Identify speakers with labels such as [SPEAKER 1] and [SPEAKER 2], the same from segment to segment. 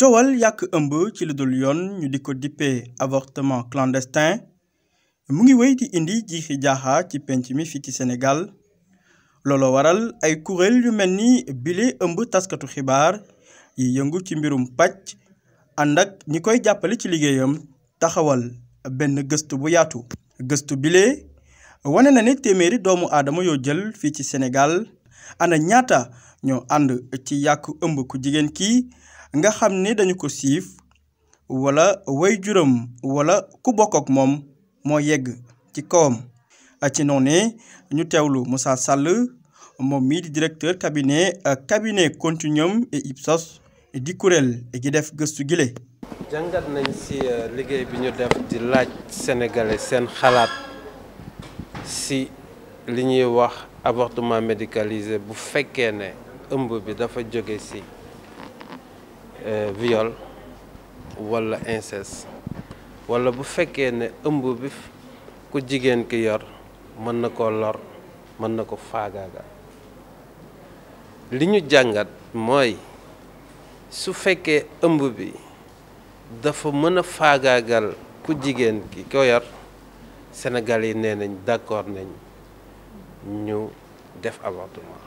[SPEAKER 1] coowal yàq ëmb ci lu yoon ñu di ko dippee avortement clandestin mu ngi wéy di indi jiixi jaaxa ci penc mi fii ci Sénégal looloo waral ay kuréel yu mel ni bile ëmb taskatu xibaar yi yëngu ci mbirum pàcc ànd ak ñi koy jàppale ci liggéeyam taxawal benn gëstu bu yaatu gëstu bile wane na ne téeméeri doomu aadama yoo jël fii ci senegal ana ñaata ñoo ànd ci yàq ëmb ku jigéen kii nga xam ni dañu ko siif walla way juram wala ku bokk ak moom moo yegg ci kawam ci noonu ñu teewlu musaa Sall moom mii di directeur cabinet cabinet Continuum et Ipsos di kuréel gi def gëstu gile.
[SPEAKER 2] jàngat nañ ci euh, liggéey bi ñu def di laaj sénégalais seen xalaat. si li ñuy wax avortement médicalisé bu fekkee ne ëmb bi dafa jóge si euh, viol walla inceste walla bu fekkee ne ëmb bi ku jigéen ki yor mën na ko lor mën na ko faagaaga li ñu jàngat mooy su fekkee ëmb bi dafa mën a faagaagal ku jigéen ki ko yor Sénégalais nénañ d'accord nañ ñu def avortement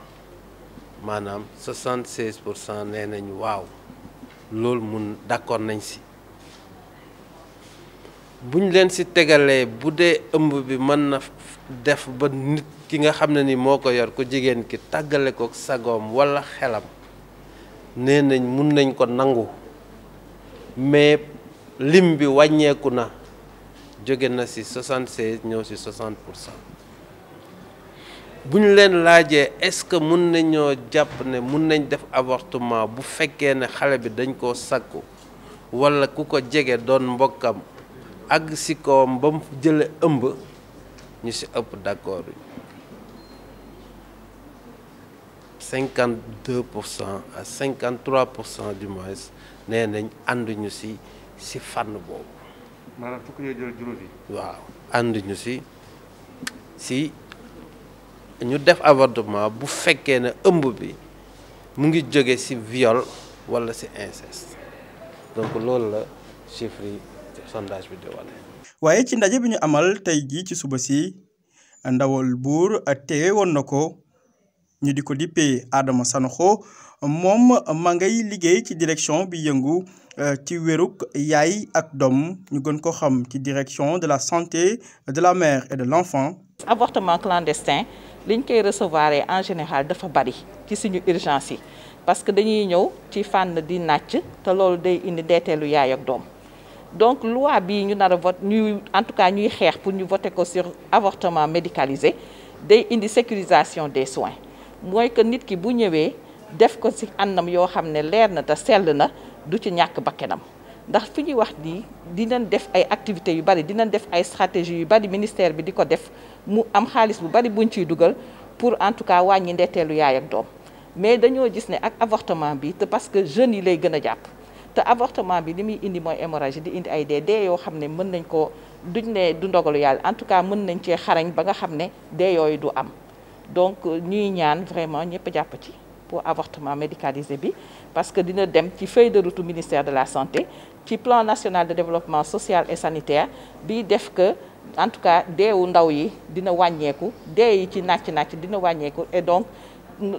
[SPEAKER 2] manam 76 nénañ waw lool nañ mun d'accord nañ si buñ leen si tégalé budé ëmb bi man na def ba nit ki nga xamné ni moko yor ku jigen ki tagalé ko sagom wala xélam nénañ mun nañ ko nangu mais lim bi wàññeeku na jóge na ci 76 ñëw ci 60 pour cent bu ñu leen laajee est-ce que mun nañoo jàpp ne mun nañ def avortement bu fekkee ne xale bi dañ koo sakku wala ku ko jege doon mbokkam ak ci kawam ba mu jële ëmb ñu ci ëpp d'accord yi 52 pour cent cent du moins nee nañ ànduñu ci ci fànn boobu maanaam fukk yooyu waaw ànd ñu si si ñu def avortement bu fekkee ne ëmb bi mu ngi jóge si viol wala si inceste donc loolu la chiffre yi sondage bi di wane.
[SPEAKER 1] waaye ci ndaje bi ñu amal tey jii ci suba si ndawal buur teewe woon na ko ñu di ko dippee aadama Sanokho moom ma ngay liggéey ci direction bi yëngu. Euh, ci wérug yaay ak dom ñu gën ko xam ci direction de la santé de la mère et de l'enfant
[SPEAKER 3] avortement clandestin liñ koy recevoir en général dafa bari ci suñu urgence yi parce que dañuy ñëw ci fànn di nàcc te loolu day indi deeteelu yaay ak doom donc loi bi ñu nar a vote ñuy en tout cas ñuy xeex pour ñu voter ko sur avortement médicalisé day indi sécurisation des soins mooy que nit ki bu ñëwee def ko ci anam yoo xam ne leer na te sell na du ci ñàkk bakkenam ndax fi ñuy wax nii dinañ def ay activités yu bari dinañ def ay stratégies yu bari ministère bi di ko def mu am xaalis bu bari buñ ciy dugal pour en tout cas wàññi ndetteelu yaay ak doom mais dañoo gis ne ak avortement bi te parce que jeunes yi lay gën a jàpp te avortement bi li muy indi mooy hémorragie di indi ay dee dee yoo xam ne mën nañ ko duñ ne du ndogalu yàlla en tout cas mën nañ cee xarañ ba nga xam ne dee yooyu du am donc ñuy ñaan vraiment ñëpp jàpp ci pour avortement médicalisé bi parce que dina dem ci feuille de route ministère de la santé ci plan national de développement social et sanitaire bi def que en tout cas deewu ndaw yi dina wàññeeku dee yi ci nàcc-nàcc dina wàññeeku et donc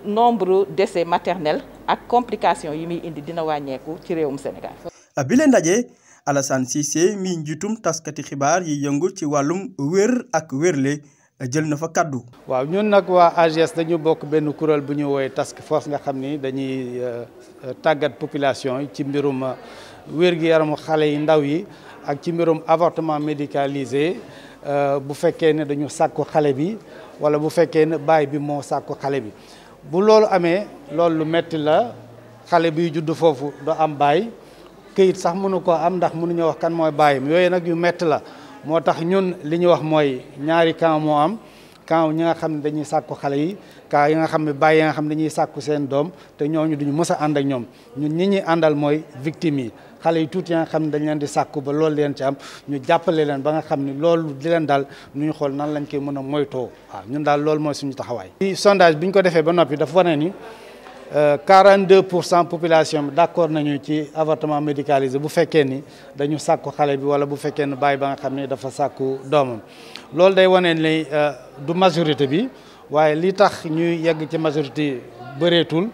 [SPEAKER 3] nombre décès maternels ak complications yi muy indi dina wàññeeku ci réewum Sénégal.
[SPEAKER 1] Ah, bi leen ndaje Alassane Cissé mi njiitum taskati xibar yi yëngu ci walum wér ak wérle jël na fa kàddu
[SPEAKER 4] waaw ñun nag waa AGS dañu bokk benn kuréel bu ñu woowee task force nga xam ni dañuy euh, tàggat population yi ci mbirum euh, wér-gu-yaramu xale yi ndaw yi ak ci mbirum avortement médicalisé euh, bu fekkee ne dañu sàkku xale bi wala bu fekkee ne baay bi moo sàkku xale bi bu loolu amee loolu lu metti la xale biy judd foofu du am baay këyit sax munu koo am ndax mënuñoo wax kan mooy baayam yooyu nag yu metti la. moo tax ñun li ñu wax mooy ñaari camp moo am camp ñi nga xam ne dañuy sàkku xale yi kaa yi nga xam ne bàyyi yi nga xam ne dañuy sàkku seen doom te ñoo ñu duñu mës a ànd ak ñoom ñun ñi ñuy àndal mooy victim yi xale yi tuuti yi nga xam ne dañ leen di sàkku ba loolu leen ci am ñu jàppale leen ba nga xam ni loolu di leen daal ñu xool nan lañ koy mën a moytoo waaw ñun daal loolu mooy suñu taxawaay. sondage bi ñu ko defee ba noppi dafa wane ni. 42 euh, population d'accord nañu ci avortement médicalisé bu féké ni dañu sakku xalé bi wala bu féké ni bay ba nga xamné dafa sakku doomam lool day wone ni euh, du majorité bi waye li tax ñuy yegg ci majorité bëreetul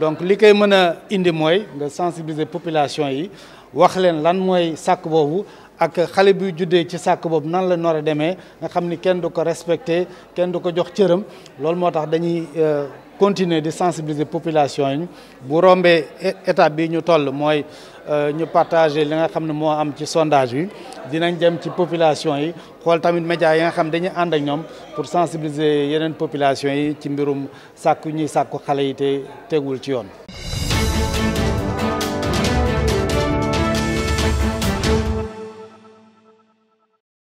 [SPEAKER 4] donc li kay mëna indi moy nga sensibiliser population yi wax leen lan moy sakku bobu ak xalé bi juddé ci sakku bobu nan la nor démé nga xam ni kenn du ko respecté kenn du jox cëram lool motax tax dañuy euh, continuer de sensibiliser population yi bu rombee étape bi ñu toll mooy euh, ñu partager li nga xam ne am ci sondage yi dinañ dem ci population yi xol tamit média yi nga xam dañu and ak ñom pour sensibiliser yenen population yi ci mbirum sakku ñi sakku xale yi te tegul ci yoon